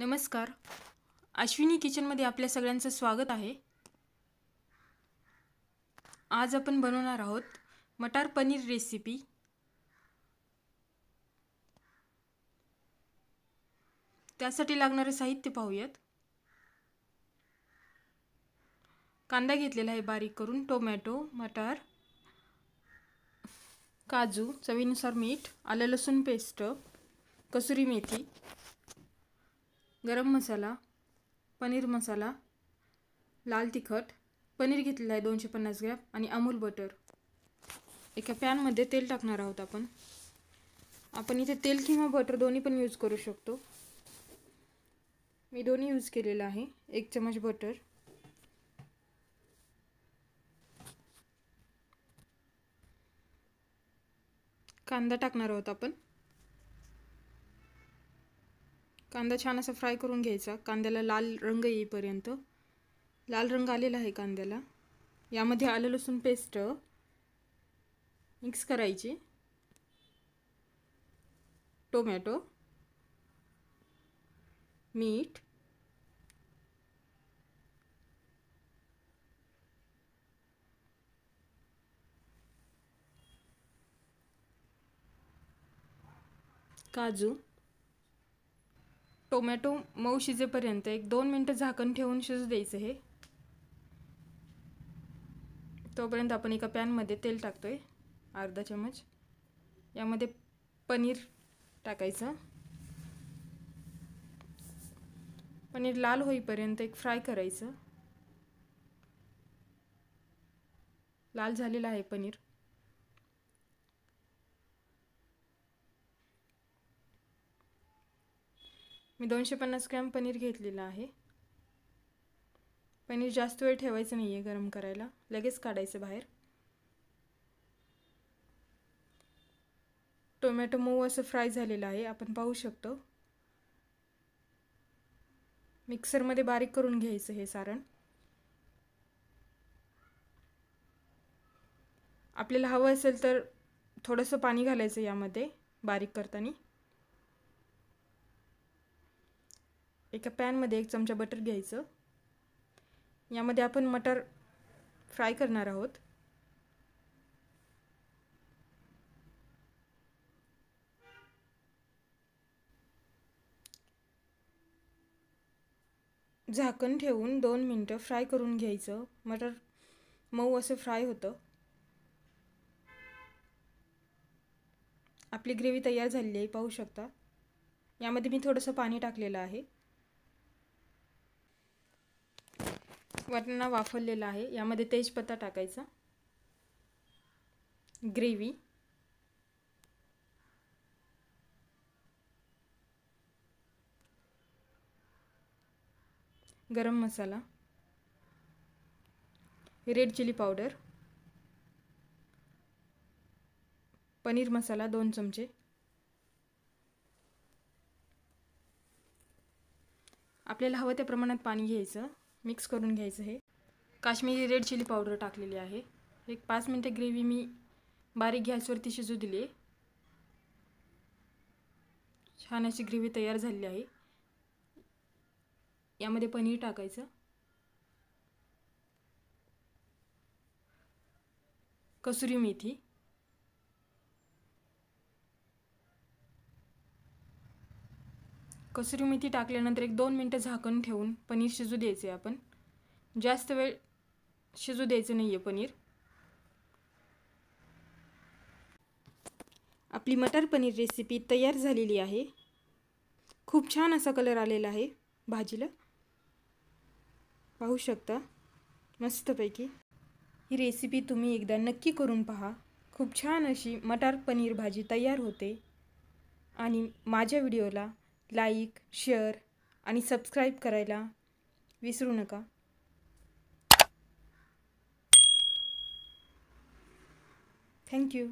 नमस्कार अश्विनी किचनमध्ये आपल्या सगळ्यांचं स्वागत आहे आज आपण बनवणार आहोत मटार पनीर रेसिपी त्यासाठी लागणारं साहित्य पाहूयात कांदा घेतलेला आहे बारीक करून टोमॅटो मटार काजू चवीनुसार मीठ आलं लसूण पेस्ट कसुरी मेथी गरम मसाला पनीर मसाला लाल तिखट पनीर घेतलेलं आहे दोनशे पन्नास ग्रॅम आणि अमूल बटर एका पॅनमध्ये तेल टाकणार आहोत आपण आपण इथे तेल किंवा बटर दोन्ही पण यूज करू शकतो मी दोन्ही यूज केलेलं आहे एक चमच बटर कांदा टाकणार आहोत आपण कांदा छान असा फ्राय करून घ्यायचा कांद्याला लाल रंग येईपर्यंत लाल रंग आलेला आहे कांद्याला यामध्ये आलं लसूण पेस्ट मिक्स करायची टोमॅटो मीठ काजू टोमॅटो मऊ शिजेपर्यंत एक दोन मिनटं झाकण ठेवून शिज द्यायचं हे तोपर्यंत आपण एका पॅनमध्ये तेल टाकतो आहे अर्धा चमच यामध्ये पनीर टाकायचं पनीर लाल होईपर्यंत एक फ्राय करायचं लाल झालेलं आहे पनीर मी दोनशे पन्नास ग्रॅम पनीर घेतलेलं आहे पनीर जास्त वेळ ठेवायचं नाही आहे गरम करायला लगेच काढायचं बाहेर टोमॅटो मऊ असं फ्राय झालेलं आहे आपण पाहू शकतो मिक्सरमध्ये बारीक करून घ्यायचं हे सारण आपल्याला हवं असेल तर थोडंसं पाणी घालायचं यामध्ये बारीक करताना एका पॅनमध्ये एक चमचा बटर घ्यायचं यामध्ये आपण मटर फ्राय करणार आहोत झाकण ठेवून दोन मिनटं फ्राय करून घ्यायचं मटर मऊ असं फ्राय होतं आपली ग्रेव्ही तयार झाली आहे पाहू शकता यामध्ये मी थोडंसं पाणी टाकलेलं आहे वरणांना वाफवलेलं आहे यामध्ये तेजपत्ता टाकायचा ग्रेव्ही गरम मसाला रेड चिली पावडर पनीर मसाला दोन चमचे आपल्याला हवं त्या प्रमाणात पाणी घ्यायचं मिक्स करून घ्यायचं हे काश्मीरी रेड चिली पावडर टाकलेली आहे एक पाच मिनटं ग्रेव्ही मी बारीक गॅसवरती शिजू दिली आहे छान अशी ग्रेव्ही तयार झालेली आहे यामध्ये पनीर टाकायचं कसुरी मेथी कसुरी मेथी टाकल्यानंतर एक दोन मिनटं झाकण ठेवून पनीर शिजू द्यायचे आपण जास्त वेळ शिजू द्यायचं नाही आहे पनीर आपली मटर पनीर रेसिपी तयार झालेली आहे खूप छान असा कलर आलेला आहे भाजीला पाहू शकता मस्तपैकी ही रेसिपी तुम्ही एकदा नक्की करून पहा खूप छान अशी मटार पनीर भाजी तयार होते आणि माझ्या व्हिडिओला लाईक शेअर आणि सबस्क्राईब करायला विसरू नका थँक्यू